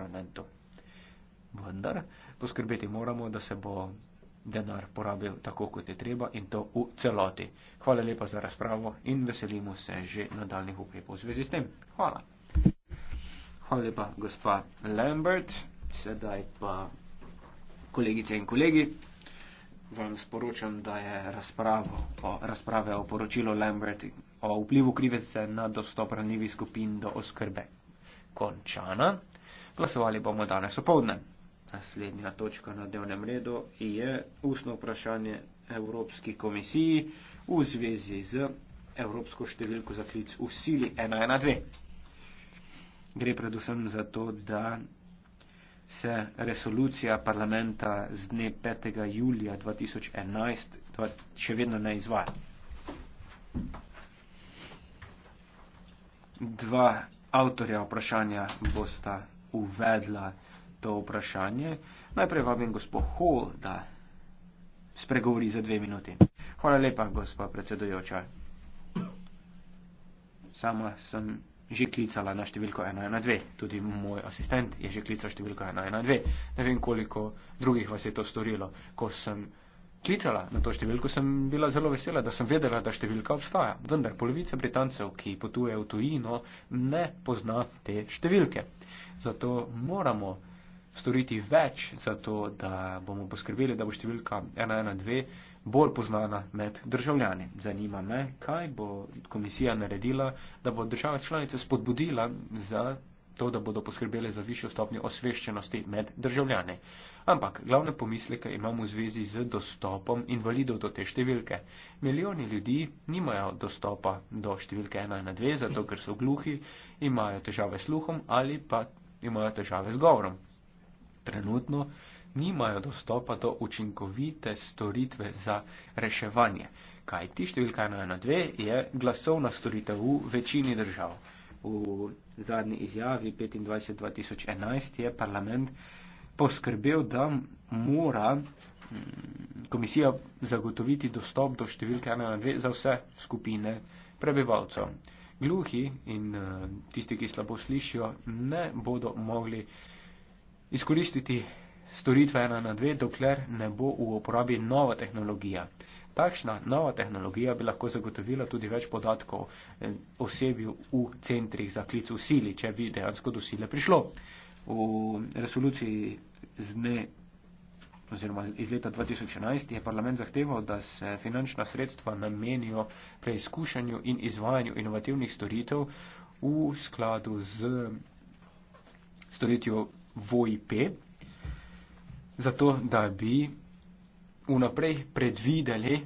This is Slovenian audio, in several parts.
eksperimentu. Vendar poskrbeti moramo, da se bo denar porabil tako, kot je treba in to v celoti. Hvala lepa za razpravo in veselimo se že nadaljnih ukrepov v zvezi s tem. Hvala. Hvala lepa, gospa Lambert. Sedaj pa kolegice in kolegi, vam sporočam, da je razprava o poročilu Lambert o vplivu krivice na dostop ranljivih skupin do oskrbe končana glasovali bomo danes opovdne. Naslednja točka na dnevnem redu je ustno vprašanje Evropski komisiji v zvezi z Evropsko številko za klic v sili 112. Gre predvsem za to, da se resolucija parlamenta z dne 5. julija 2011 še vedno ne izvaja. Dva avtorja vprašanja bosta uvedla to vprašanje. Najprej vabim gospod Hall, da spregovori za dve minuti. Hvala lepa, gospod predsedojoča. Sama sem že klicala na številko 112, tudi moj asistent je že klical številko 112. Ne vem, koliko drugih vas je to storilo, ko sem klicala na to številko, sem bila zelo vesela, da sem vedela, da številka obstaja. Vendar polovica Britancev, ki potuje v tujino, ne pozna te številke. Zato moramo storiti več za to, da bomo poskrbeli, da bo številka 112 bolj poznana med državljani. Zanima me, kaj bo komisija naredila, da bo država članice spodbudila za to, da bodo poskrbeli za višjo stopnjo osveščenosti med državljani. Ampak glavne pomisleke imamo v zvezi z dostopom invalidov do te številke. Milijoni ljudi nimajo dostopa do številke 1 na 2, zato ker so gluhi, imajo težave s sluhom ali pa imajo težave z govorom. Trenutno nimajo dostopa do učinkovite storitve za reševanje. Kaj ti številka 1 na 2 je glasovna storitev v večini držav. V zadnji izjavi 25.2011 je parlament poskrbel, da mora mm, komisija zagotoviti dostop do številke 112 za vse skupine prebivalcev. Gluhi in eh, tisti, ki slabo slišijo, ne bodo mogli izkoristiti storitve 112, dokler ne bo v uporabi nova tehnologija. Takšna nova tehnologija bi lahko zagotovila tudi več podatkov eh, osebju v centrih za klic v sili, če bi dejansko do sile prišlo. V resoluciji z dne oziroma iz leta 2011 je parlament zahteval, da se finančna sredstva namenijo preizkušanju in izvajanju inovativnih storitev v skladu z storitvijo VOIP, zato da bi vnaprej predvideli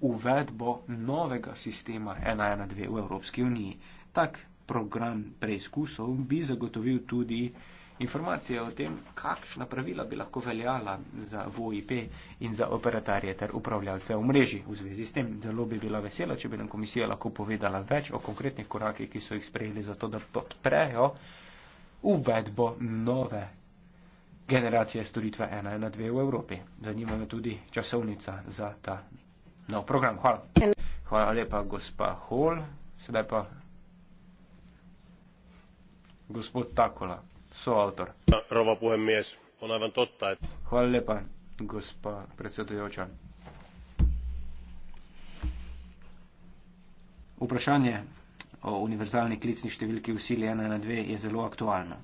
uvedbo novega sistema 112 v Evropski uniji. Tak program preizkusov bi zagotovil tudi informacije o tem, kakšna pravila bi lahko veljala za VOIP in za operatarje ter upravljalce v mreži. V zvezi s tem zelo bi bila vesela, če bi nam komisija lahko povedala več o konkretnih korakih, ki so jih sprejeli za to, da podprejo uvedbo nove generacije storitve 112 v Evropi. Zanima me tudi časovnica za ta nov program. Hvala. Hvala lepa, gospa Hol. Sedaj pa. Gospod Takola soavtor. Ja, Rova puhemies, on aivan totta, että... Hvala lepa, gospa predsedujoča. Vprašanje o univerzalni klicni številki v sili 112 je zelo aktualno.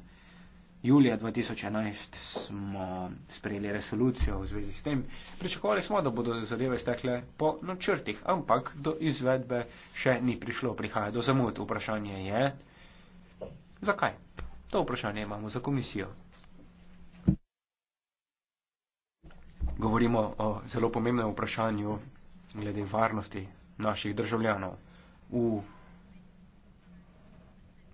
Julija 2011 smo sprejeli resolucijo v zvezi s tem. Pričakovali smo, da bodo zadeve stekle po načrtih, ampak do izvedbe še ni prišlo, prihaja do zamud. Vprašanje je, zakaj? To vprašanje imamo za komisijo. Govorimo o zelo pomembnem vprašanju glede varnosti naših državljanov. V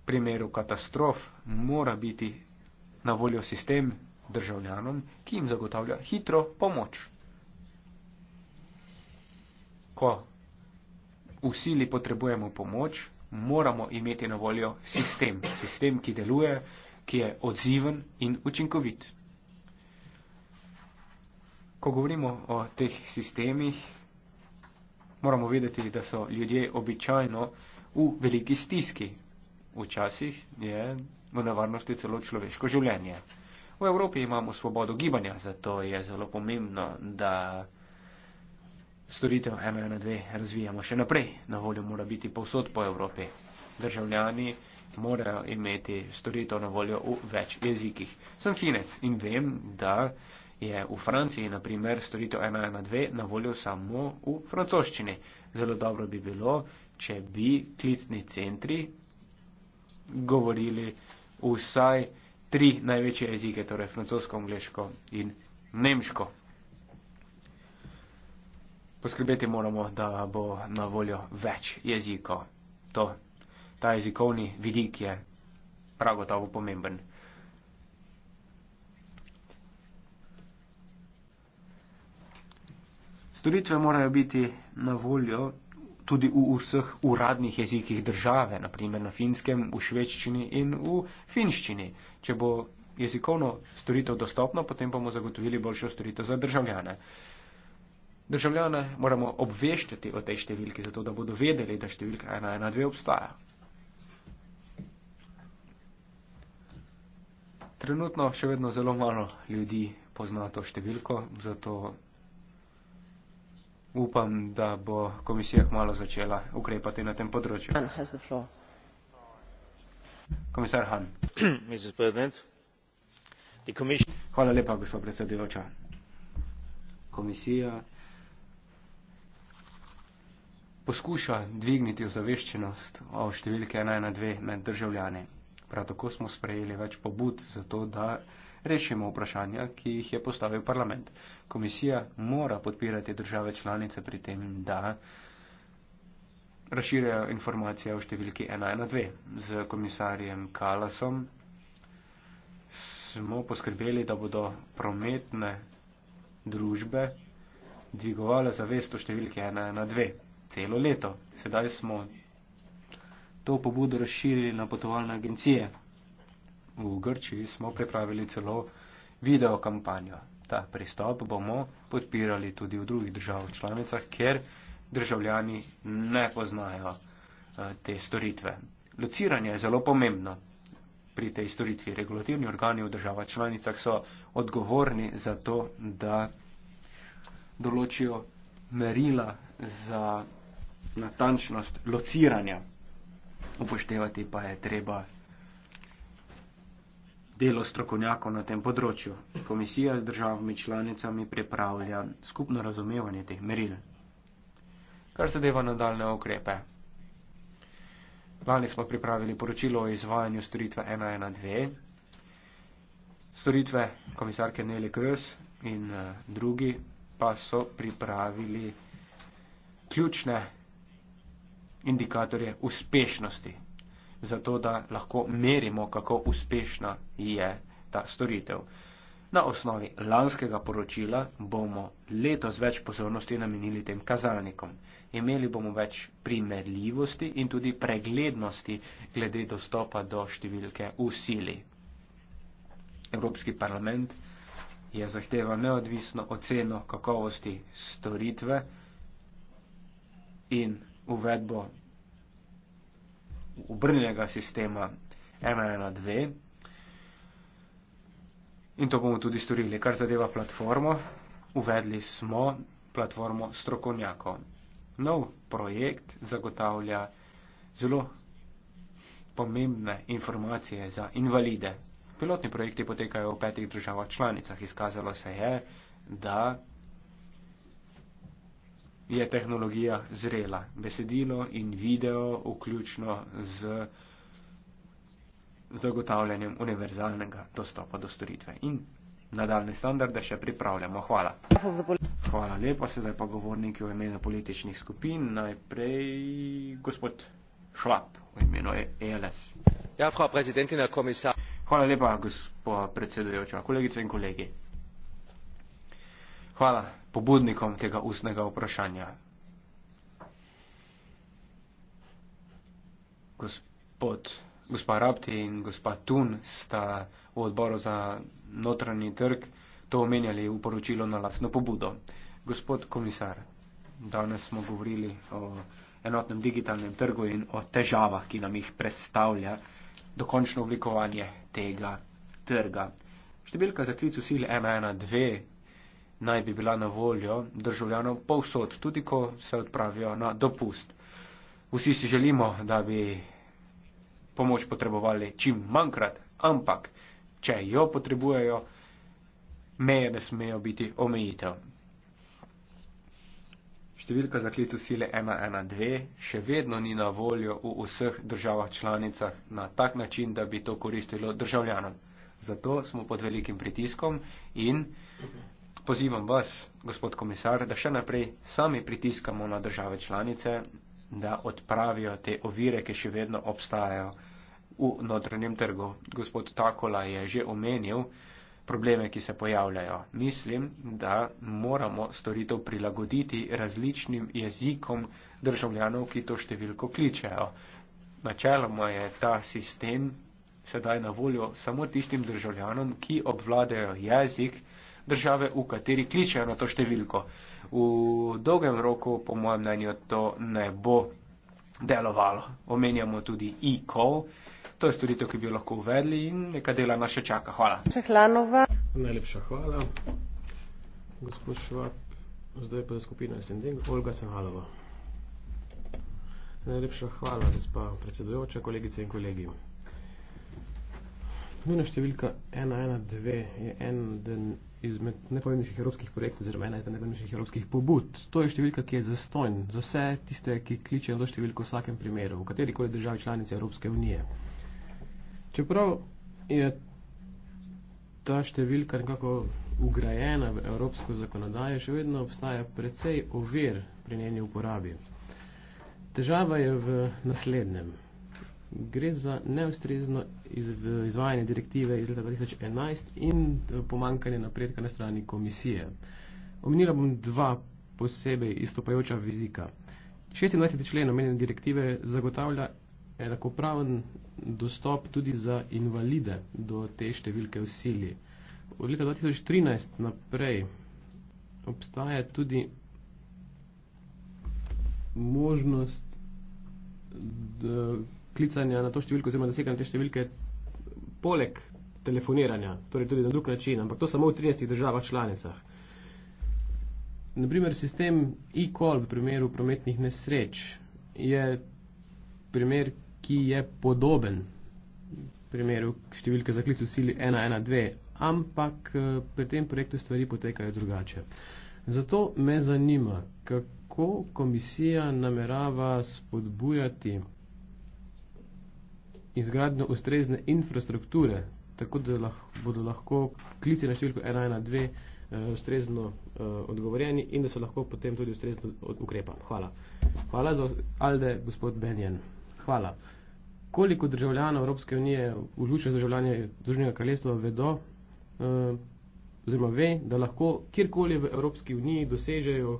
primeru katastrof mora biti na voljo sistem državljanom, ki jim zagotavlja hitro pomoč. Ko v sili potrebujemo pomoč, moramo imeti na voljo sistem. Sistem, ki deluje, ki je odziven in učinkovit. Ko govorimo o teh sistemih, moramo vedeti, da so ljudje običajno v veliki stiski. Včasih je v nevarnosti celo človeško življenje. V Evropi imamo svobodo gibanja, zato je zelo pomembno, da. Storitev 112 razvijamo še naprej. Na voljo mora biti povsod po Evropi. Državljani morajo imeti storitev na voljo v več jezikih. Sem finec in vem, da je v Franciji, na primer, storitev 112 na voljo samo v francoščini. Zelo dobro bi bilo, če bi klicni centri govorili vsaj tri največje jezike, torej francosko, angliško in nemško poskrbeti moramo, da bo na voljo več jezikov. To, ta jezikovni vidik je prav gotovo pomemben. Storitve morajo biti na voljo tudi v vseh uradnih jezikih države, naprimer na finskem, v švečščini in v finščini. Če bo jezikovno storitev dostopno, potem bomo zagotovili boljšo storitev za državljane. Uh, državljane moramo obveščati o tej številki, zato da bodo vedeli, da številka 112 obstaja. Trenutno še vedno zelo malo ljudi pozna to številko, zato upam, da bo komisija hmalo začela ukrepati na tem področju. Komisar Han. Hvala lepa, gospod predsedujoča. Komisija poskuša dvigniti ozaveščenost o številke 112 med državljani. Prav tako smo sprejeli več pobud za to, da rešimo vprašanja, ki jih je postavil parlament. Komisija mora podpirati države članice pri tem, da razširjajo informacije o številki 112. Z komisarjem Kalasom smo poskrbeli, da bodo prometne družbe dvigovale zavest o številki 112 celo leto. Sedaj smo to pobudo razširili na potovalne agencije. V Grčiji smo pripravili celo video kampanjo. Ta pristop bomo podpirali tudi v drugih državah članicah, ker državljani ne poznajo eh, te storitve. Lociranje je zelo pomembno pri tej storitvi. Regulativni organi v državah članicah so odgovorni za to, da določijo merila za natančnost lociranja. Upoštevati pa je treba delo strokovnjakov na tem področju. Komisija z državami članicami pripravlja skupno razumevanje teh meril. Kar zadeva nadaljne ukrepe. Lani smo pripravili poročilo o izvajanju storitve 112. Storitve komisarke Nele Krs in eh, drugi pa so pripravili ključne indikatorje uspešnosti, zato da lahko merimo, kako uspešna je ta storitev. Na osnovi lanskega poročila bomo letos več pozornosti namenili tem kazalnikom. Imeli bomo več primerljivosti in tudi preglednosti glede dostopa do številke v sili. Evropski parlament je zahteval neodvisno oceno kakovosti storitve in uvedbo obrnjenega sistema 1.1.2 in to bomo tudi storili, kar zadeva platformo. Uvedli smo platformo strokovnjakov. Nov projekt zagotavlja zelo pomembne informacije za invalide. Pilotni projekti potekajo v petih državah članicah. Izkazalo se je, da je tehnologija zrela. Besedilo in video, vključno z zagotavljanjem univerzalnega dostopa do storitve. In nadaljne standarde še pripravljamo. Hvala. Hvala lepa, sedaj pa govorniki v imenu političnih skupin. Najprej gospod Šlap, v imenu ELS. Ja, hvala, predsedentina komisar. Hvala lepa, gospod predsedujoča, kolegice in kolegi. Hvala, pobudnikom tega ustnega vprašanja. Gospod, gospa Rapti in gospa Tun sta v odboru za notranji trg to omenjali v poročilo na lasno pobudo. Gospod komisar, danes smo govorili o enotnem digitalnem trgu in o težavah, ki nam jih predstavlja dokončno oblikovanje tega trga. Številka za klic v sili 112 naj bi bila na voljo državljanov povsod, tudi ko se odpravijo na dopust. Vsi si želimo, da bi pomoč potrebovali čim manjkrat, ampak če jo potrebujejo, meje ne smejo biti omejitev. Številka za klicu sile 112 še vedno ni na voljo v vseh državah članicah na tak način, da bi to koristilo državljanom. Zato smo pod velikim pritiskom in pozivam vas, gospod komisar, da še naprej sami pritiskamo na države članice, da odpravijo te ovire, ki še vedno obstajajo v notranjem trgu. Gospod Takola je že omenil probleme, ki se pojavljajo. Mislim, da moramo storitev prilagoditi različnim jezikom državljanov, ki to številko kličejo. Načeloma je ta sistem sedaj na voljo samo tistim državljanom, ki obvladajo jezik, države, v kateri kličejo na to številko. V dolgem roku, po mojem mnenju, to ne bo delovalo. Omenjamo tudi e-call, to je storitev, ki bi jo lahko uvedli in neka dela nas še čaka. Hvala. Čehlanova. Najlepša hvala, gospod Švab. Zdaj pa je skupina Sending, Olga Senhalova. Najlepša hvala, gospa predsedujoča, kolegice in kolegi. Nujna številka 112 je en den izmed nepomembnejših evropskih projektov, oziroma ena izmed nepomembnejših evropskih pobud. To je številka, ki je zastojn za vse tiste, ki kličejo do številko v vsakem primeru, v kateri koli državi članice Evropske unije. Čeprav je ta številka nekako ugrajena v evropsko zakonodajo, še vedno obstaja precej ovir pri njeni uporabi. Težava je v naslednjem gre za neustrezno izv, izvajanje direktive iz leta 2011 in eh, pomankanje napredka na strani komisije. Omenila bom dva posebej izstopajoča vizika. 26. člen omenjene direktive zagotavlja enakopraven dostop tudi za invalide do te številke v sili. Od leta 2013 naprej obstaja tudi možnost, da klicanja na to številko, oziroma doseganja te številke, poleg telefoniranja, torej tudi na drug način, ampak to samo v 13 državah članicah. Naprimer, sistem e-call v primeru prometnih nesreč je primer, ki je podoben primeru številke za klic v sili 112, ampak eh, pri tem projektu stvari potekajo drugače. Zato me zanima, kako komisija namerava spodbujati izgradnjo ustrezne infrastrukture, tako da lahko, bodo lahko klici na številko 112 eh, ustrezno eh, odgovorjeni in da se lahko potem tudi ustrezno ukrepa. Hvala. Hvala za Alde, gospod Benjen. Hvala. Koliko državljanov Evropske unije, vključno z državljanje Združenega kraljestva, vedo, eh, oziroma ve, da lahko kjerkoli v Evropski uniji dosežejo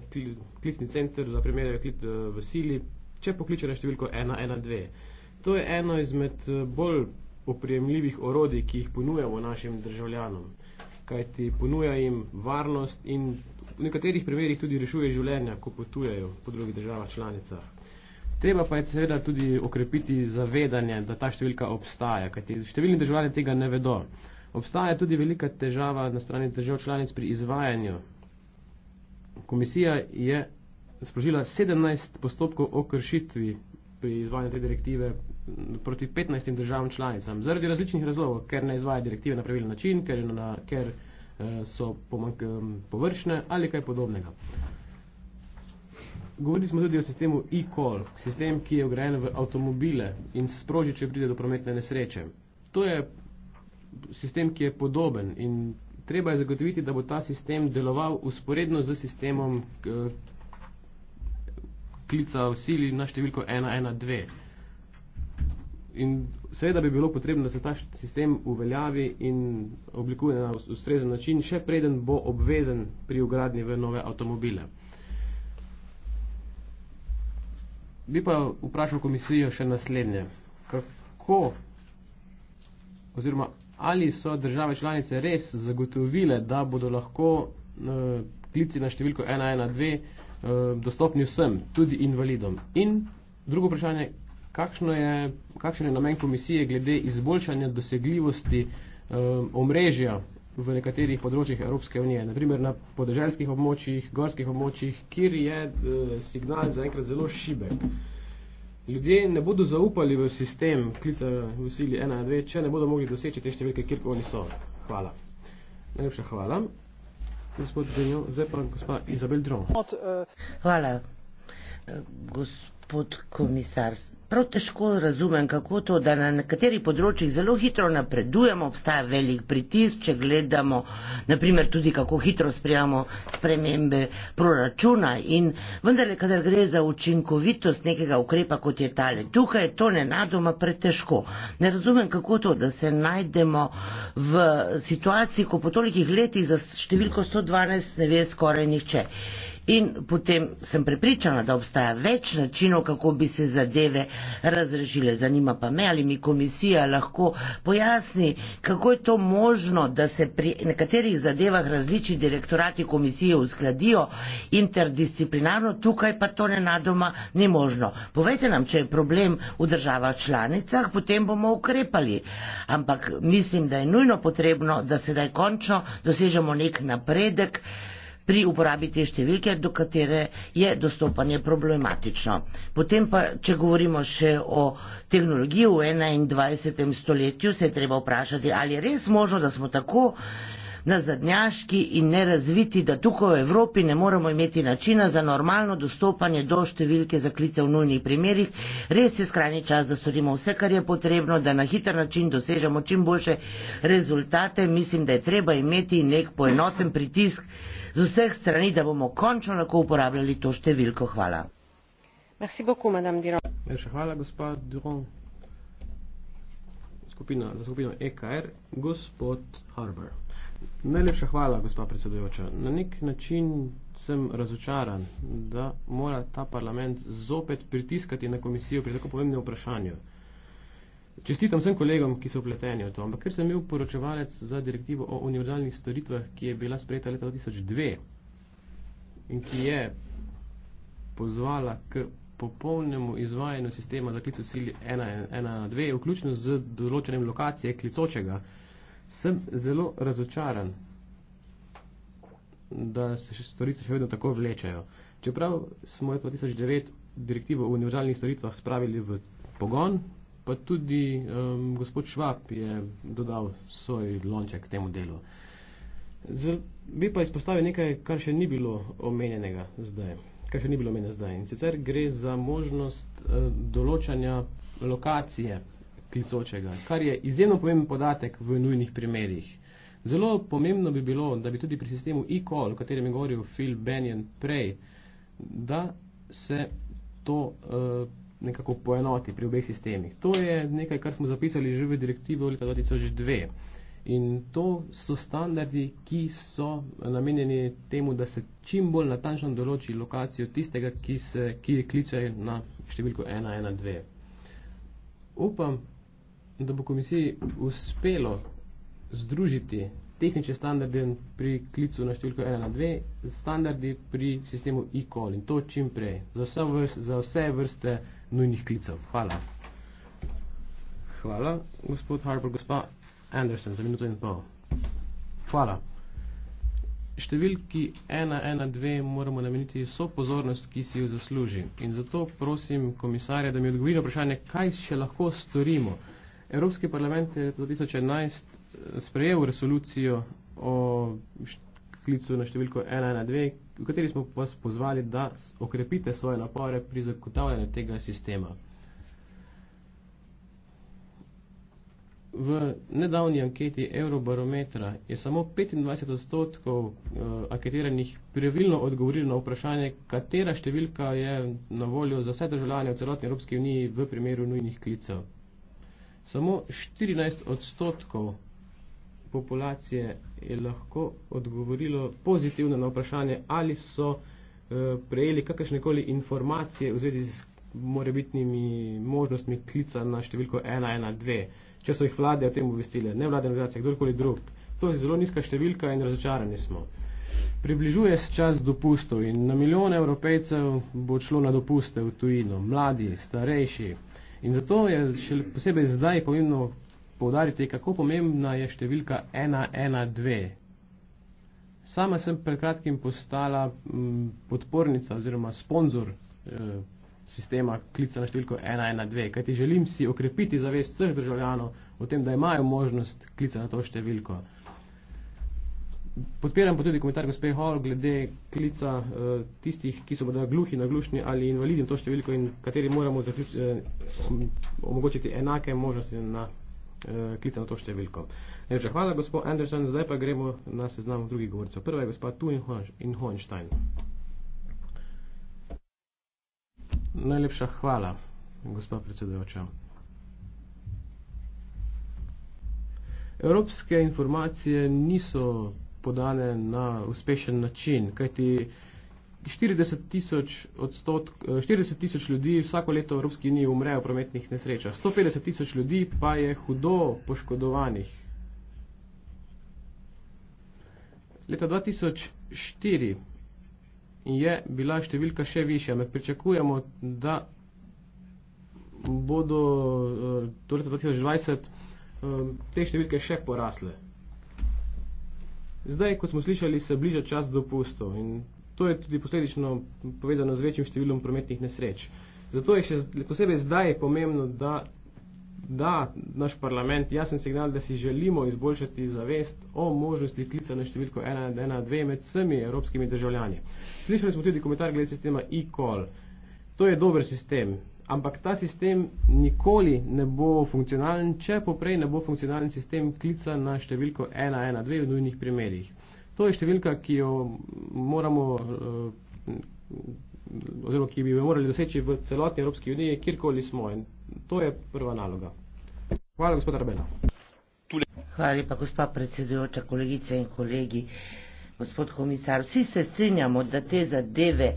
klicni center za primerjajo klic v sili, če pokličejo na številko 112? to je eno izmed eh, bolj oprijemljivih orodij, ki jih ponujamo našim državljanom, kajti ponuja jim varnost in v nekaterih primerih tudi rešuje življenja, ko potujejo po drugih državah članicah. Treba pa je seveda tudi okrepiti zavedanje, da ta številka obstaja, kajti številni državljani tega ne vedo. Obstaja tudi velika težava na strani držav članic pri izvajanju. Komisija je sprožila 17 postopkov o kršitvi pri izvajanju te direktive proti 15 državam članicam zaradi različnih razlogov, ker ne izvaja direktive na pravilen način, ker, na, ker eh, so pomank, eh, površne ali kaj podobnega. Govorili smo tudi o sistemu e-call, sistem, ki je ugrajen v avtomobile in se sproži, če pride do prometne nesreče. To je sistem, ki je podoben in treba je zagotoviti, da bo ta sistem deloval usporedno z sistemom eh, klica v sili na številko 112 in seveda bi bilo potrebno, da se ta sistem uveljavi in oblikuje na ustrezen način, še preden bo obvezen pri ugradni v nove avtomobile. Bi pa vprašal komisijo še naslednje. Kako oziroma ali so države članice res zagotovile, da bodo lahko uh, klici na številko 112 uh, e, dostopni vsem, tudi invalidom? In drugo vprašanje, Kakšno je, kakšen je namen komisije glede izboljšanja dosegljivosti eh, omrežja v nekaterih področjih Evropske unije, naprimer na podeželskih območjih, gorskih območjih, kjer je eh, signal zaenkrat zelo šibek. Ljudje ne bodo zaupali v sistem klica v sili 1 2, če ne bodo mogli doseči te številke, kjer oni so. Hvala. Najlepša hvala. Gospod Zdaj pa gospa Izabel Dron. Hvala. Gospod gospod komisar. Prav težko razumem, kako to, da na nekaterih področjih zelo hitro napredujemo, obstaja velik pritisk, če gledamo, naprimer tudi kako hitro sprejamo spremembe proračuna in vendarle, kadar gre za učinkovitost nekega ukrepa, kot je tale, tukaj je to nenadoma pretežko. Ne razumem, kako to, da se najdemo v situaciji, ko po tolikih letih za številko 112 ne ve skoraj nihče. Uh, In potem sem prepričana, da obstaja več načinov, kako bi se zadeve razrešile. Zanima pa me, ali mi komisija lahko pojasni, kako je to možno, da se pri nekaterih zadevah različni direktorati komisije uskladijo interdisciplinarno, tukaj pa to nenadoma ni možno. Povejte nam, če je problem v državah članicah, potem bomo ukrepali. Ampak mislim, da je nujno potrebno, da sedaj končno dosežemo nek napredek pri uporabi te številke, do katere je dostopanje problematično. Potem pa, če govorimo še o tehnologiji v 21. stoletju, se je treba vprašati, ali je res možno, da smo tako nazadnjaški in nerazviti, da tukaj v Evropi ne moremo imeti načina za normalno dostopanje do številke zaklice v nujnih primerjih. Res je skrajni čas, da storimo vse, kar je potrebno, da na hiter način dosežemo čim boljše rezultate. Mislim, da je treba imeti nek poenoten pritisk z vseh strani, da bomo končno lahko uporabljali to številko. Hvala. Merci beaucoup, madame Diron. Še hvala, gospod Diron. Skupina, za skupino EKR, gospod Harbour. Najlepša hvala, gospa predsedujoča. Na nek način sem razočaran, da mora ta parlament zopet pritiskati na komisijo pri tako pomembnem vprašanju. Čestitam vsem kolegom, ki so vpleteni v to, ampak ker sem bil poročevalec za direktivo o univerzalnih storitvah, ki je bila sprejeta leta 2002 in ki je pozvala k popolnemu izvajanju sistema za klic v sili 1 na 2, vključno z določenjem lokacije klicočega, sem zelo razočaran, da se storice še vedno tako vlečajo. Čeprav smo je 2009 direktivo o univerzalnih storitvah spravili v pogon, pa tudi um, gospod Švab je dodal svoj lonček k temu delu. Zel, bi pa izpostavil nekaj, kar še ni bilo omenjenega zdaj. Kar še ni bilo omenjeno zdaj. In sicer gre za možnost uh, določanja lokacije klicočega, kar je izjemno pomemben podatek v nujnih primerjih. Zelo pomembno bi bilo, da bi tudi pri sistemu e-call, o katerem je govoril Phil Bennion prej, da se to uh, nekako poenoti pri obeh sistemih. To je nekaj, kar smo zapisali že v direktivi v leta 2002. In to so standardi, ki so namenjeni temu, da se čim bolj natančno določi lokacijo tistega, ki, se, ki je kliče na številko 112. Upam, da bo komisiji uspelo združiti tehnične standarde pri klicu na številko 1 na 2 z standardi pri sistemu e-call in to čim prej za vse, vrste, za vse vrste nujnih klicev. Hvala. Hvala, gospod Harper, gospa Anderson, za minuto in pol. Hvala. Številki 112 moramo nameniti vso pozornost, ki si jo zasluži. In zato prosim komisarja, da mi odgovori na vprašanje, kaj še lahko storimo. Evropski parlament je 2011 eh, sprejel resolucijo o klicu na številko 112, v kateri smo vas pozvali, da okrepite svoje napore pri zagotavljanju tega sistema. V nedavni anketi Eurobarometra je samo 25 odstotkov uh, anketiranih pravilno odgovorilo na vprašanje, katera številka je na voljo za vse državljane v celotni Evropski uniji v primeru nujnih klicev. Samo 14 odstotkov populacije je lahko odgovorilo pozitivno na vprašanje, ali so eh, prejeli kakršnekoli informacije v zvezi z morebitnimi možnostmi klica na številko 112, če so jih vlade o tem obvestile, ne vlade, organizacije, kdorkoli drug. To je zelo nizka številka in razočarani smo. Približuje se čas dopustov in na milijone evropejcev bo šlo na dopuste v tujino, mladi, starejši, In zato je še posebej zdaj pomembno povdariti, kako pomembna je številka 112. Sama sem pred kratkim postala mm, podpornica oziroma sponzor eh, sistema klica na številko 112, kajti želim si okrepiti zavest vseh državljanov o tem, da imajo možnost klica na to številko podpiram pa tudi komentar gospe Hall glede klica eh, tistih, ki so morda gluhi, naglušni ali invalidni to številko in kateri moramo zaključ, eh, omogočiti enake možnosti na eh, klica na to številko. Najlepša hvala, gospod Andersen, zdaj pa gremo na seznam drugih govorcev. Prva je gospod Tu in Hohenstein. Najlepša hvala, gospod predsedujoča. Evropske informacije niso podane na uspešen način, kajti 40 eh, tisoč ljudi vsako leto v Evropski uniji umre v prometnih nesrečah, 150 tisoč ljudi pa je hudo poškodovanih. Leta 2004 je bila številka še višja, med pričakujemo, da bodo eh, do leta 2020 eh, te številke še porasle. Zdaj, kot smo slišali, se bliža čas dopustov in to je tudi posledično povezano z večjim številom prometnih nesreč. Zato je še posebej zdaj pomembno, da da naš parlament jasen signal, da si želimo izboljšati zavest o možnosti klica na številko 112 med vsemi evropskimi državljani. Slišali smo tudi komentar glede sistema e-call. To je dober sistem, ampak ta sistem nikoli ne bo funkcionalen, če poprej ne bo funkcionalen sistem klica na številko 112 v nujnih primerih. To je številka, ki jo moramo eh, oziroma ki bi jo morali doseči v celotni Evropski uniji, kjerkoli smo. In to je prva naloga. Hvala, gospod Arbena. Hvala lepa, gospod predsedujoča, kolegice in kolegi gospod komisar. Vsi se strinjamo, da te zadeve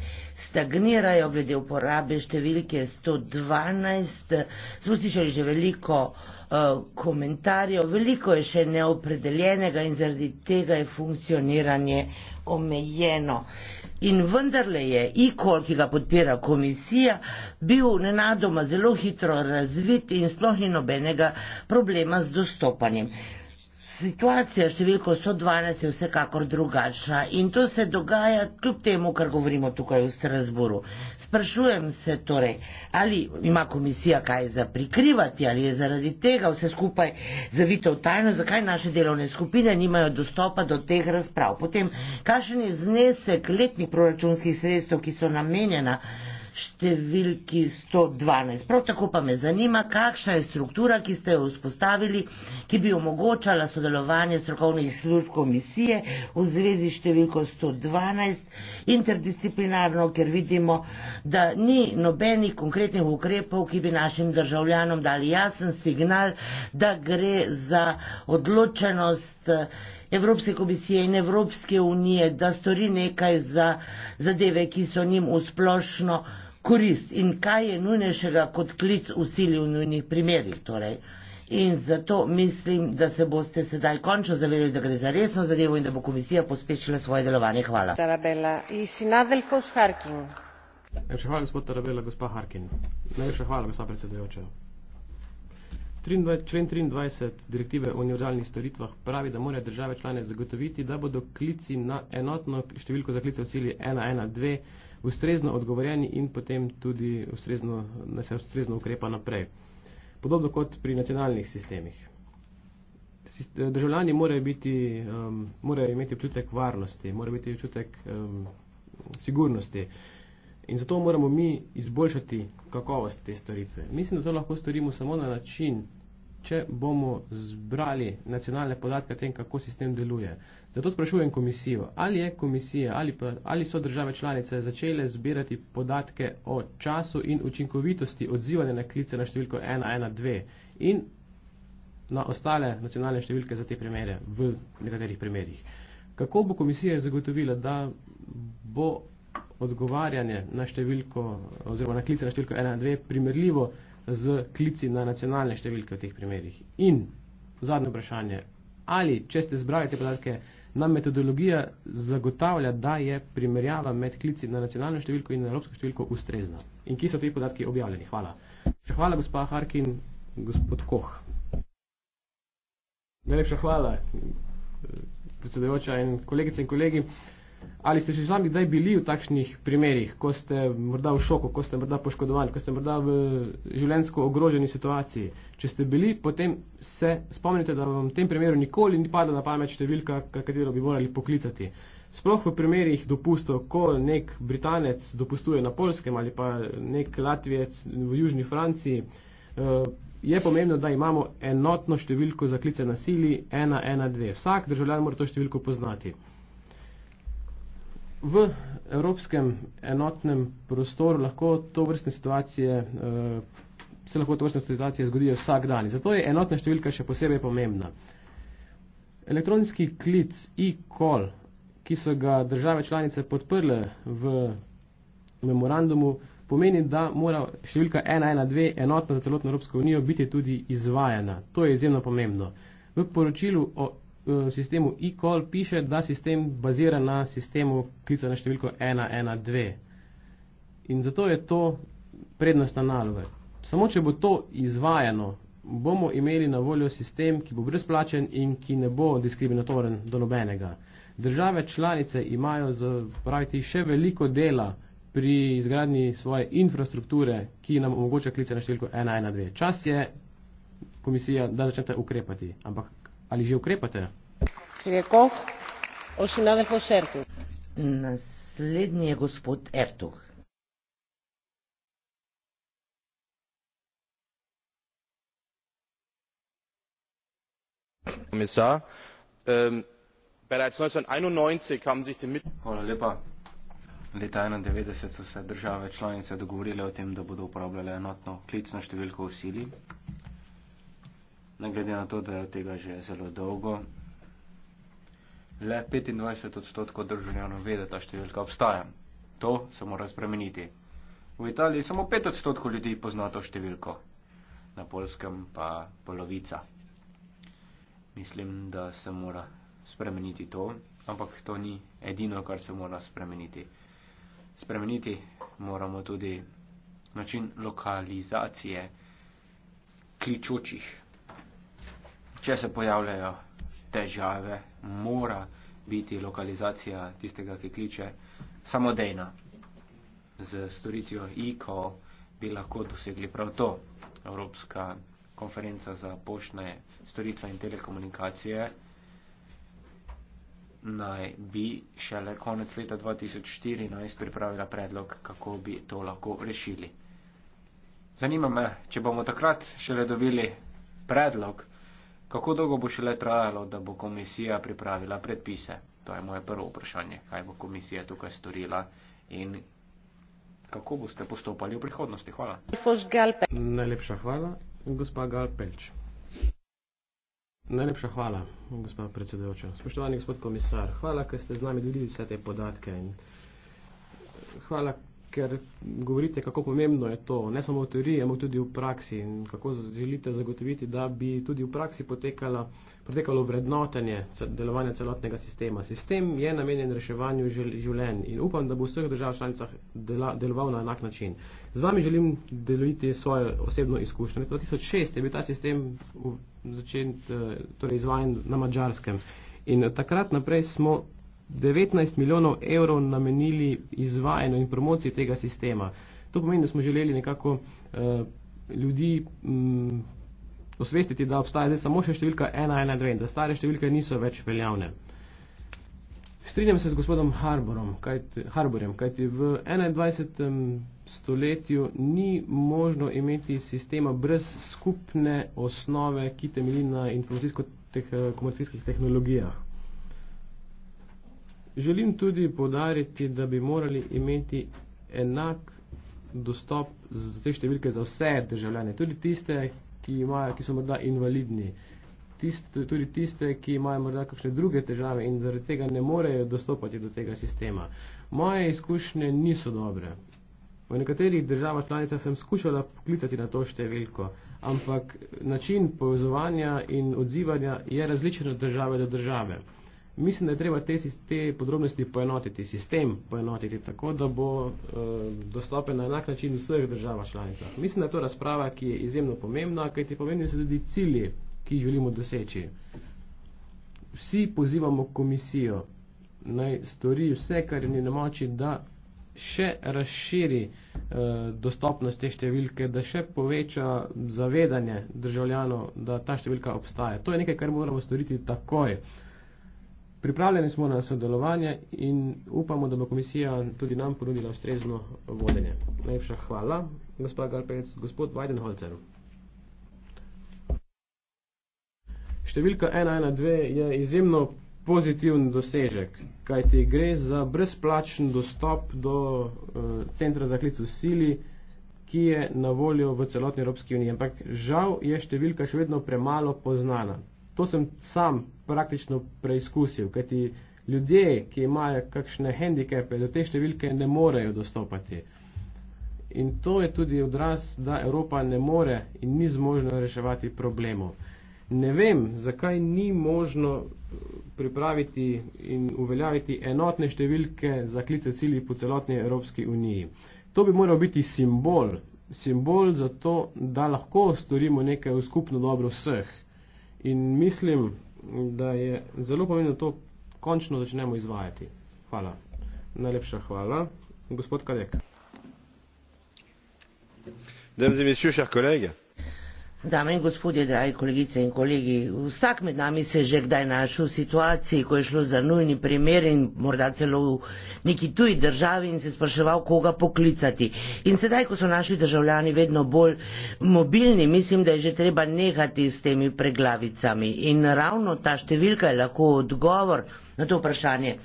stagnirajo glede uporabe številke 112. Smo slišali že veliko uh, komentarjev, veliko je še neopredeljenega in zaradi tega je funkcioniranje omejeno. In vendarle je e-call, ki ga podpira komisija, bil nenadoma zelo hitro razvit in sploh ni nobenega problema z dostopanjem situacija številko 112 je vsekakor drugačna in to se dogaja kljub temu, kar govorimo tukaj v Strasburu. Sprašujem se torej, ali ima komisija kaj za prikrivati, ali je zaradi tega vse skupaj zavito v tajno, zakaj naše delovne skupine nimajo dostopa do teh razprav. Potem, kakšen je znesek letnih proračunskih sredstev, ki so namenjena številki 112. Prav tako pa me zanima, kakšna je struktura, ki ste jo vzpostavili, ki bi omogočala sodelovanje strokovnih služb komisije v zvezi s številko 112 interdisciplinarno, ker vidimo, da ni nobenih konkretnih ukrepov, ki bi našim državljanom dali jasen signal, da gre za odločenost Evropske komisije in Evropske unije, da stori nekaj za zadeve, ki so njim v splošno korist in kaj je nujnejšega kot klic v sili v nujnih primerjih. Torej. In zato mislim, da se boste sedaj končno zavedali, da gre za resno zadevo in da bo komisija pospešila svoje delovanje. Hvala. Najlepša hvala, gospod Tarabela, gospa Harkin. Najlepša hvala, gospa predsedujoča. 23, člen 23 direktive o univerzalnih storitvah pravi, da morajo države člane zagotoviti, da bodo klici na enotno številko za klice v sili 112 ustrezno odgovorjeni in potem tudi ustrezno, da se ustrezno ukrepa naprej. Podobno kot pri nacionalnih sistemih. Državljani morajo, biti, um, morajo imeti občutek varnosti, morajo imeti občutek um, sigurnosti. Uh, In zato moramo mi izboljšati kakovost te storitve. Mislim, da to lahko storimo samo na način, če bomo zbrali nacionalne podatke o tem, kako sistem deluje. Zato sprašujem komisijo, ali je komisija ali, pa, ali so države članice začele zbirati podatke o času in učinkovitosti odzivanja na klice na številko 112 in na ostale nacionalne številke za te primere v nekaterih primerjih. Kako bo komisija zagotovila, da bo odgovarjanje na številko oziroma na klice na številko 1-2 primerljivo z klici na nacionalne številke v teh primerjih. In zadnje vprašanje, ali če ste zbrali te podatke, nam metodologija zagotavlja, da je primerjava med klici na nacionalno številko in na evropsko številko ustrezna. In ki so te podatki objavljeni? Hvala. Še hvala, gospa Harkin, gospod Koh. Najlepša hvala, predsedujoča in kolegice in kolegi. Ali ste že sami kdaj bili v takšnih primerih, ko ste morda v šoku, ko ste morda poškodovani, ko ste morda v življenjsko ogroženi situaciji? Če ste bili, potem se spomnite, da vam v tem primeru nikoli ni pada na pamet številka, katero bi morali poklicati. Sploh v primerih dopustov, ko nek Britanec dopustuje na Polskem ali pa nek Latvijec v Južni Franciji, eh, je pomembno, da imamo enotno številko za klice nasilji 112. Vsak državljan mora to številko poznati v evropskem enotnem prostoru lahko to vrstne situacije, eh, se lahko to vrstne situacije zgodijo vsak dan. Zato je enotna številka še posebej pomembna. Elektronski klic e-call, ki so ga države članice podprle v memorandumu, pomeni, da mora številka 112 enotna za celotno Evropsko unijo biti tudi izvajana. To je izjemno pomembno. V poročilu o Eh, sistemu e-call piše, da sistem bazira na sistemu klica na številko 112. In zato je to prednostna naloga. Samo če bo to izvajano, bomo imeli na voljo sistem, ki bo brezplačen in ki ne bo diskriminatoren do nobenega. Države članice imajo za praviti še veliko dela pri izgradnji svoje infrastrukture, ki nam omogoča klice na številko 112. Čas je komisija, da začnete ukrepati, ampak ali že ukrepate? Naslednji je gospod Ertuh. Komisar, ähm, Hvala lepa. Leta 1991 so se države članice dogovorile o tem, da bodo uporabljale enotno klicno številko v sili ne glede na to, da je od tega že zelo dolgo. Le 25 odstotkov državljanov ve, da ta številka obstaja. To se mora spremeniti. V Italiji samo 5 odstotkov ljudi pozna to številko, na polskem pa polovica. Mislim, da se mora spremeniti to, ampak to ni edino, kar se mora spremeniti. Spremeniti moramo tudi način lokalizacije kličočih če se pojavljajo težave, mora biti lokalizacija tistega, ki kliče samodejna. Z storitvijo ICO bi lahko dosegli prav to. Evropska konferenca za poštne storitve in telekomunikacije naj bi šele konec leta 2014 pripravila predlog, kako bi to lahko rešili. Zanima me, če bomo takrat šele dobili predlog, Kako dolgo bo šele trajalo, da bo komisija pripravila predpise? To je moje prvo vprašanje. Kaj bo komisija tukaj storila in kako boste postopali v prihodnosti? Hvala. Najlepša hvala, gospa Galpelč. Najlepša hvala, gospa predsedujoča. Spoštovani gospod komisar, hvala, ker ste z nami delili vse te podatke in hvala, ker govorite, kako pomembno je to, ne samo v teoriji, ampak tudi v praksi in kako želite zagotoviti, da bi tudi v praksi potekala, potekalo vrednotenje delovanja celotnega sistema. Sistem je namenjen reševanju življenj in upam, da bo v vseh državah članicah dela, deloval na enak način. Z vami želim deliti svojo osebno izkušnjo. 2006 je bil ta sistem začet, eh, torej izvajen na mačarskem. In eh, takrat naprej smo 19 milijonov evrov namenili izvajanju in promociji tega sistema. To pomeni, da smo želeli nekako uh, ljudi um, osvestiti, da obstaja zdaj samo še številka 112 in da stare številke niso več veljavne. Strinjam se z gospodom Harborom, kajti, Harborjem, kajti v 21. stoletju ni možno imeti sistema brez skupne osnove, ki temelji na informacijsko-komunikacijskih -teh eh, tehnologijah. Želim tudi podariti, da bi morali imeti enak dostop z te številke za vse državljane, tudi tiste, ki, imajo, ki so morda invalidni, tiste, tudi tiste, ki imajo morda kakšne druge težave in zaradi tega ne morejo dostopati do tega sistema. Moje izkušnje niso dobre. V nekaterih državah članicah sem skušala poklicati na to številko, ampak način povezovanja in odzivanja je različen od države do države. Mislim, da je treba te, te podrobnosti poenotiti, sistem poenotiti tako, da bo uh, dostopen na enak način v vseh državah članicah. Mislim, da je to razprava, ki je izjemno pomembna, kaj ti pomembni so tudi cilji, ki jih želimo doseči. Vsi pozivamo komisijo, naj stori vse, kar je ni na moči, da še razširi uh, dostopnost te številke, da še poveča zavedanje državljanov, da ta številka obstaja. To je nekaj, kar moramo storiti takoj. Uh, Pripravljeni smo na sodelovanje in upamo, da bo komisija tudi nam ponudila ustrezno vodenje. Najlepša hvala, gospod Galpec, gospod Weidenholzer. Številka 112 je izjemno pozitivn dosežek, kajti gre za brezplačen dostop do uh, centra za klic v sili, ki je na voljo v celotni Evropski uniji. Ampak žal je številka še vedno premalo poznana to sem sam praktično preizkusil, kajti ljudje, ki imajo kakšne handikepe, do te številke ne morejo dostopati. In to je tudi odraz, da Evropa ne more in ni zmožna reševati problemov. Ne vem, zakaj ni možno pripraviti in uveljaviti enotne številke za klice sili po celotni Evropski uniji. To bi moral biti simbol, simbol za to, da lahko storimo nekaj v skupno dobro vseh. In mislim, da je zelo pomembno to končno začnemo izvajati. Hvala. Najlepša hvala. Gospod Kadek. Mesdames et Messieurs, chers collègues, Dame in gospodje, dragi kolegice in kolegi, vsak med nami se je že kdaj našel v situaciji, ko je šlo za nujni primer in morda celo v neki tuji državi in se spraševal, koga poklicati. In sedaj, ko so naši državljani vedno bolj mobilni, mislim, da je že treba nehati s temi preglavicami. In ravno ta številka je lahko odgovor na to vprašanje.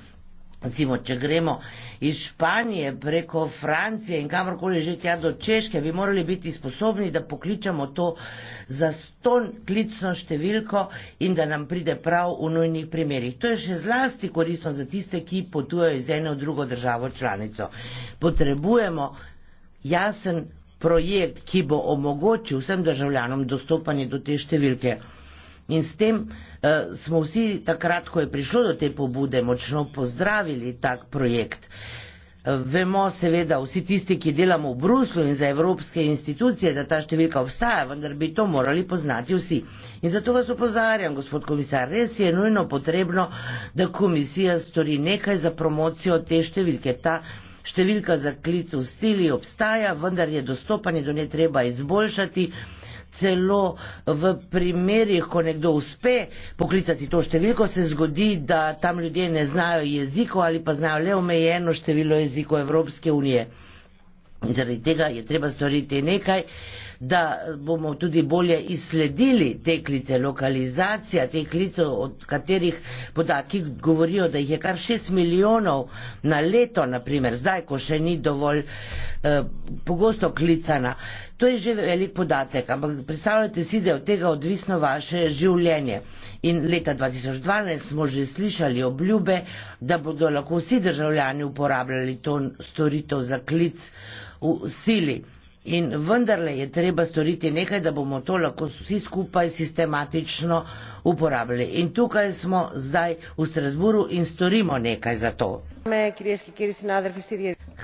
Recimo, če gremo iz Španije preko Francije in kamorkoli že tja do Češke, bi morali biti sposobni, da pokličemo to za ston klicno številko in da nam pride prav v nujnih primerjih. To je še zlasti koristno za tiste, ki potujejo iz eno v drugo državo članico. Potrebujemo jasen projekt, ki bo omogočil vsem državljanom dostopanje do te številke. In s tem uh, smo vsi takrat, ko je prišlo do te pobude, močno pozdravili tak projekt. Eh, vemo seveda vsi tisti, ki delamo v Bruslu in za evropske institucije, da ta številka obstaja, vendar bi to morali poznati vsi. In zato vas upozarjam, gospod komisar, res je nujno potrebno, da komisija stori nekaj za promocijo te številke. Ta številka za klic v stili obstaja, vendar je dostopanje do nje treba izboljšati celo v primerjih, ko nekdo uspe poklicati to številko, se zgodi, da tam ljudje ne znajo jezikov ali pa znajo le omejeno število jezikov Evropske unije. Zaradi tega je treba storiti nekaj, da bomo tudi bolje izsledili te klice, lokalizacija teh klicev, od katerih podatki govorijo, da jih je kar 6 milijonov na leto, naprimer, zdaj, ko še ni dovolj eh, pogosto klicana. Eh, To je že velik podatek, ampak predstavljajte si, da je od tega odvisno vaše življenje. In leta 2012 smo že slišali obljube, da bodo lahko vsi državljani uporabljali to storitev za klic v sili. In vendarle je treba storiti nekaj, da bomo to lahko vsi skupaj sistematično uporabili. In tukaj smo zdaj v Strasburu in storimo nekaj za to.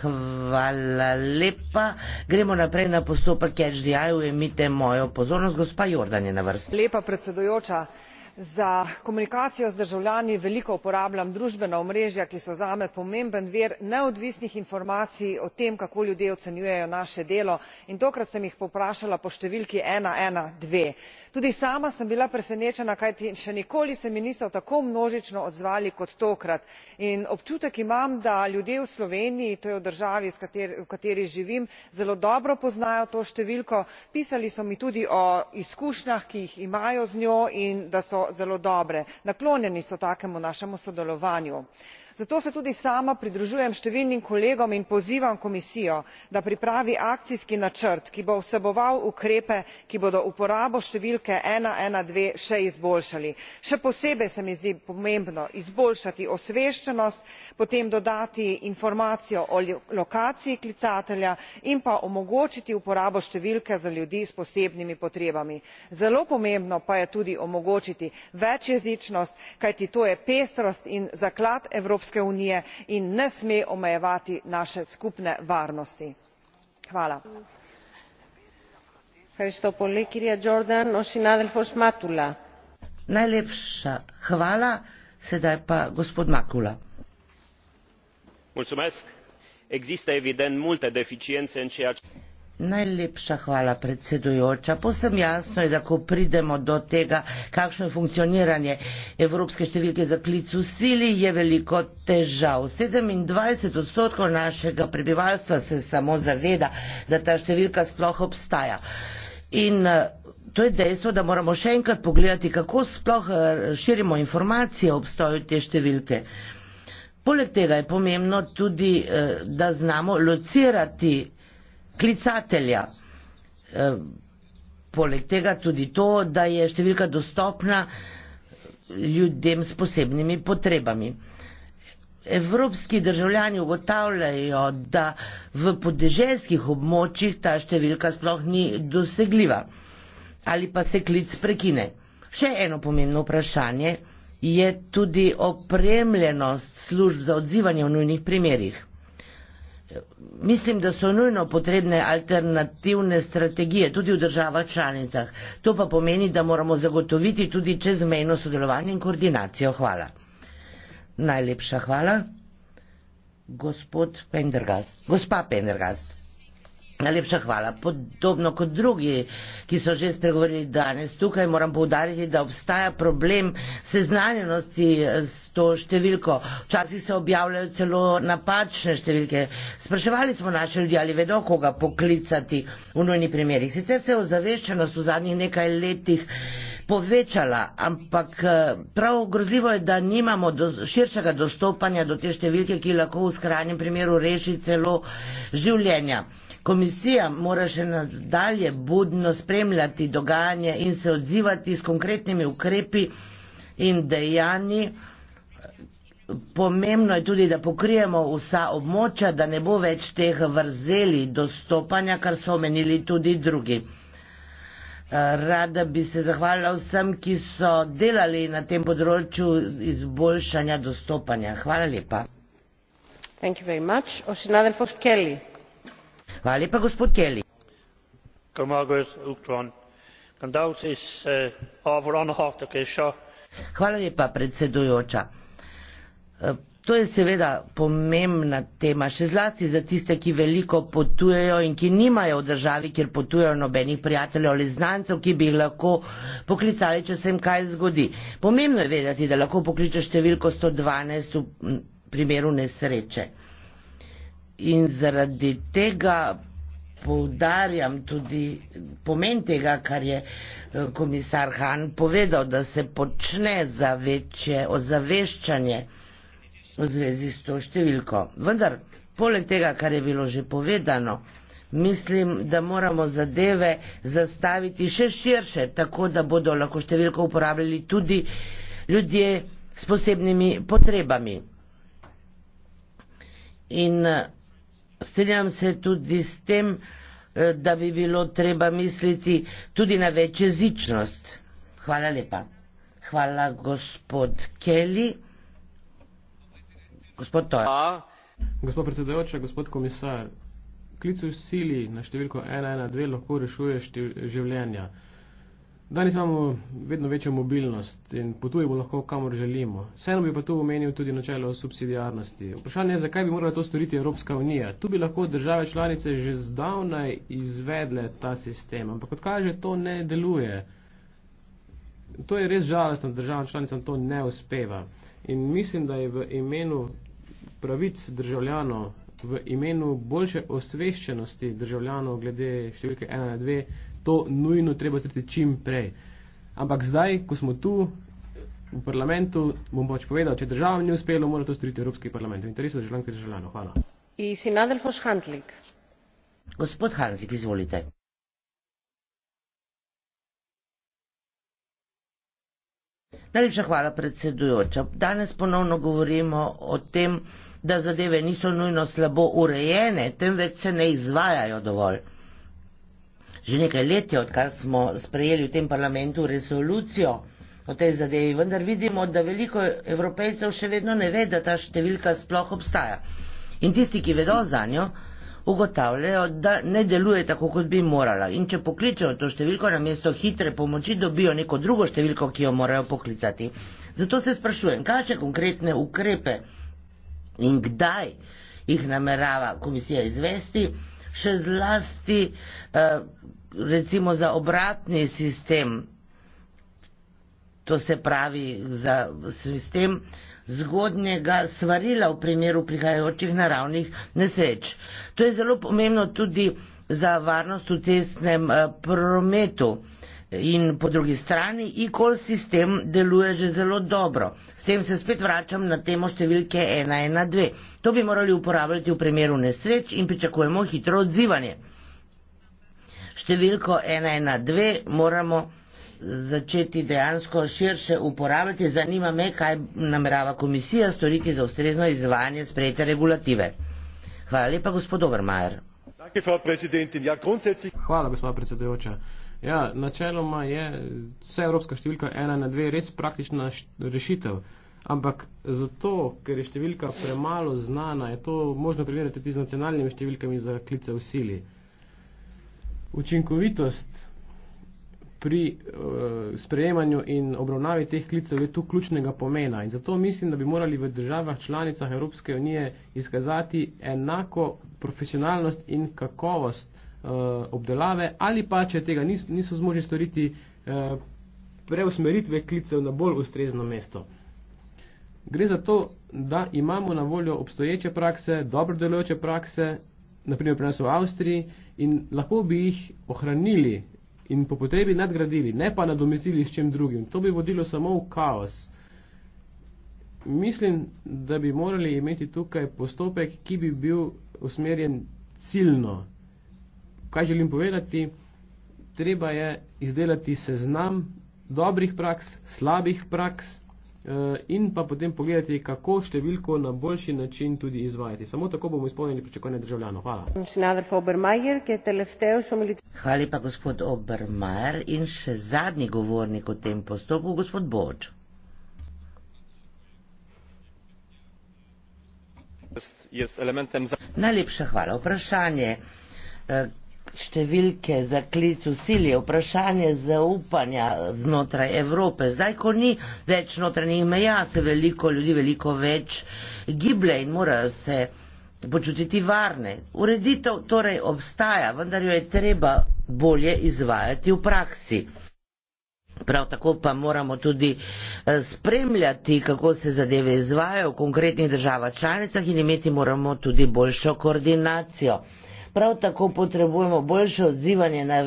Hvala lepa. Gremo naprej na postopek HDI-ju in imite mojo pozornost. Gospa Jordan je na vrsti. Lepa predsedujoča za komunikacijo z državljani veliko uporabljam družbena omrežja ki so zame pomemben vir neodvisnih informacij o tem kako ljudje ocenjujejo naše delo in tokrat sem jih povprašala po številki ena ena dve tudi sama sem bila presenečena kajti še nikoli se mi niso tako množično odzvali kot tokrat in občutek imam da ljudje v sloveniji to je v državi v kateri živim zelo dobro poznajo to številko pisali so mi tudi o izkušnjah ki jih imajo z njo in da so zelo dobre naklonjeni so takemu našemu sodelovanju zato se tudi sama pridružujem številnim kolegom in pozivam komisijo da pripravi akcijski načrt ki bo vseboval ukrepe ki bodo uporabo številke ena ena dve še izboljšali še posebej se mi zdi pomembno izboljšati osveščenost potem dodati informacijo o lokaciji klicatelja in pa omogočiti uporabo številke za ljudi s posebnimi potrebami zelo pomembno pa je tudi omogočiti večjezičnost kajti to je pestrost in zaklad evropske kulture evropske unije in ne sme omejevati naše skupne varnosti. există evident multe deficiene în ceea ce. Najlepša hvala, predsedujoča. Posem jasno je, da ko pridemo do tega, kakšno je funkcioniranje Evropske številke za klic v sili, je veliko težav. 27 odstotkov našega prebivalstva se samo zaveda, da ta številka sploh obstaja. In eh, to je dejstvo, da moramo še enkrat pogledati, kako sploh eh, širimo informacije o obstoju te številke. Poleg tega je pomembno tudi, eh, da znamo locirati klicatelja. E, poleg tega tudi to, da je številka dostopna ljudem s posebnimi potrebami. Evropski državljani ugotavljajo, da v podeželskih območjih ta številka sploh ni dosegljiva ali pa se klic prekine. Še eno pomembno vprašanje je tudi opremljenost služb za odzivanje v nujnih primerjih. Mislim, da so nujno potrebne alternativne strategije tudi v državah članicah. To pa pomeni, da moramo zagotoviti tudi čezmejno sodelovanje in koordinacijo. Hvala. Najlepša hvala. Gospod Pendergast. Gospa Pendergast. Najlepša hvala. Podobno kot drugi, ki so že spregovorili danes tukaj, moram povdariti, da obstaja problem seznanjenosti s to številko. Včasih se objavljajo celo napačne številke. Spraševali smo naše ljudi, ali vedo, koga poklicati v nujni primerih. Sicer se je ozaveščenost v zadnjih nekaj letih povečala, ampak eh, prav grozljivo je, da nimamo do, širšega dostopanja do te številke, ki lahko v skrajnem primeru reši celo življenja. Komisija mora še nadalje budno spremljati dogajanje in se odzivati s konkretnimi ukrepi in dejanji. Pomembno je tudi, da pokrijemo vsa območja, da ne bo več teh vrzeli dostopanja, kar so omenili tudi drugi. Rada bi se zahvalila vsem, ki so delali na tem področju izboljšanja dostopanja. Hvala lepa. Thank you very much. Osinadelfos Kelly gospod kelly eh, eh, to je seveda pomembna tema še zlasti za tiste ki veliko potujejo in ki nimajo v državi kjer potujejo nobenih prijateljev ali znancev ki bi jih lahko poklicali če se jim kaj zgodi pomembno je vedeti da lahko pokličeš številko sto dvanajst v primeru nesreče in zaradi tega poudarjam tudi pomen tega, kar je eh, komisar Han povedal, da se počne za večje ozaveščanje v zvezi s to številko. Vendar, poleg tega, kar je bilo že povedano, mislim, da moramo zadeve zastaviti še širše, tako da bodo lahko številko uporabljali tudi ljudje s posebnimi potrebami. In strinjam se tudi s tem, eh, da bi bilo treba misliti tudi na več jezičnost. Hvala lepa. Hvala, gospod Kelly. Gospod Toja. Gospod predsedujoča, gospod komisar, klic v sili na številko 112 lahko rešuje življenja. Danes imamo vedno večjo mobilnost in potujemo lahko kamor želimo. Vseeno bi pa tu omenil tudi načelo subsidijarnosti. Vprašanje je, zakaj bi morala to storiti Evropska unija. Tu bi lahko države članice že zdavnaj izvedle ta sistem, ampak kot kaže, to ne deluje. To je res žalostno, da državam članicam to ne uspeva. In mislim, da je v imenu pravic državljanov, v imenu boljše osveščenosti državljanov glede številke 1 na 2, to nujno treba srediti čim prej. Ampak zdaj, ko smo tu v parlamentu, bom pač povedal, če država ni uspela, mora to storiti Evropski parlament. V interesu državljank in državljanov. Hvala. Gospod Hanzik, izvolite. Najlepša hvala, predsedujoča. Danes ponovno govorimo o tem, da zadeve niso nujno slabo urejene, temveč se ne izvajajo dovolj že nekaj let, odkar smo sprejeli v tem parlamentu resolucijo o tej zadevi, vendar vidimo, da veliko evropejcev še vedno ne ve, da ta številka sploh obstaja. In tisti, ki vedo za njo, ugotavljajo, da ne deluje tako, kot bi morala. In če pokličejo to številko na mesto hitre pomoči, dobijo neko drugo številko, ki jo morajo poklicati. Zato se sprašujem, kakšne konkretne ukrepe in kdaj jih namerava komisija izvesti, še zlasti eh, recimo za obratni sistem, to se pravi za sistem zgodnjega svarila v primeru prihajajočih naravnih nesreč. To je zelo pomembno tudi za varnost v cestnem eh, prometu in po drugi strani e-call sistem deluje že zelo dobro. S tem se spet vračam na temo številke 112. To bi morali uporabljati v primeru nesreč in pričakujemo hitro odzivanje. Številko 112 moramo začeti dejansko širše uporabljati. Zanima me, kaj namerava komisija storiti za ustrezno izvajanje sprejete regulative. Hvala lepa, gospod Obermajer. Ja, Hvala, gospod predsedujoča. Ja, načeloma je vse evropska številka ena na dve res praktična rešitev. Ampak zato, ker je številka premalo znana, je to možno primerjati tudi z nacionalnimi številkami za klice v sili. Učinkovitost pri uh, sprejemanju in obravnavi teh klicev je tu ključnega pomena. In zato mislim, da bi morali v državah članicah Evropske unije izkazati enako profesionalnost in kakovost uh, Eh, obdelave ali pa, če tega niso, niso zmožni storiti, eh, preusmeritve klicev na bolj ustrezno mesto. Gre za to, da imamo na voljo obstoječe prakse, dobro delujoče prakse, naprimer pri nas v Avstriji, in lahko bi jih ohranili in po potrebi nadgradili, ne pa nadomestili s čem drugim. To bi vodilo samo v kaos. Mislim, da bi morali imeti tukaj postopek, ki bi bil usmerjen ciljno kaj želim povedati? Treba je izdelati seznam dobrih praks, slabih praks eh, in pa potem pogledati, kako številko na boljši način tudi izvajati. Samo tako bomo izpolnili pričakovanje državljanov. Hvala. Hvala lepa, gospod Obermajer. In še zadnji govornik v tem postopku, gospod Boč. Najlepša hvala. Vprašanje. Eh, številke za klic v sili, vprašanje zaupanja znotraj Evrope. Zdaj, ko ni več notranjih meja, se veliko ljudi, veliko več giblje in morajo se počutiti varne. Ureditev torej obstaja, vendar jo je treba bolje izvajati v praksi. Prav tako pa moramo tudi eh, spremljati, kako se zadeve izvajo v konkretnih državah članicah in imeti moramo tudi boljšo koordinacijo. Prav tako potrebujemo boljše odzivanje na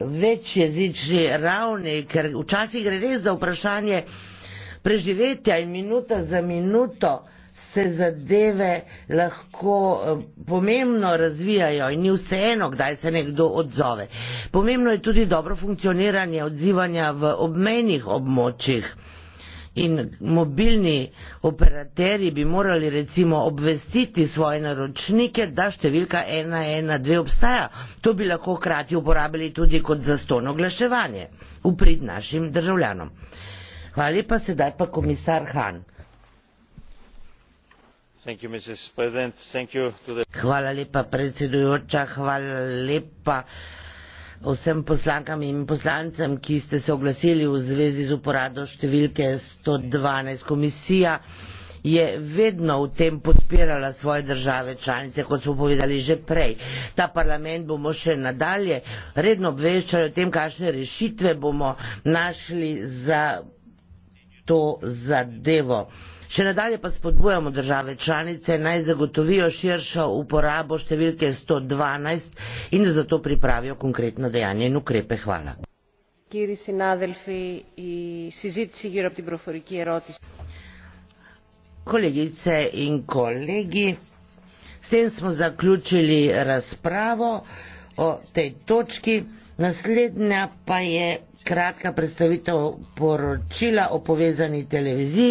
večjezični ravni, ker včasih gre res za vprašanje preživetja in minuta za minuto se zadeve lahko eh, pomembno razvijajo in ni vseeno, kdaj se nekdo odzove. Pomembno je tudi dobro funkcioniranje odzivanja v obmejnih območjih in mobilni operaterji bi morali recimo obvestiti svoje naročnike, da številka 112 obstaja. To bi lahko hkrati uporabili tudi kot zaston oglaševanje v prid našim državljanom. Hvala lepa, sedaj pa komisar Han. Hvala lepa, predsedujoča, hvala lepa vsem poslankam in poslancem, ki ste se oglasili v zvezi z uporabo številke 112. Komisija je vedno v tem podpirala svoje države članice, kot smo povedali že prej. Ta parlament bomo še nadalje redno obveščali o tem, kakšne rešitve bomo našli za to zadevo. Še nadalje pa spodbujamo države članice naj zagotovijo širšo uporabo številke 112 in da zato pripravijo konkretno dejanje in ukrepe. Hvala. Kolegice in kolegi, s tem smo zaključili razpravo o tej točki. Naslednja pa je kratka predstavitev poročila o povezani televiziji.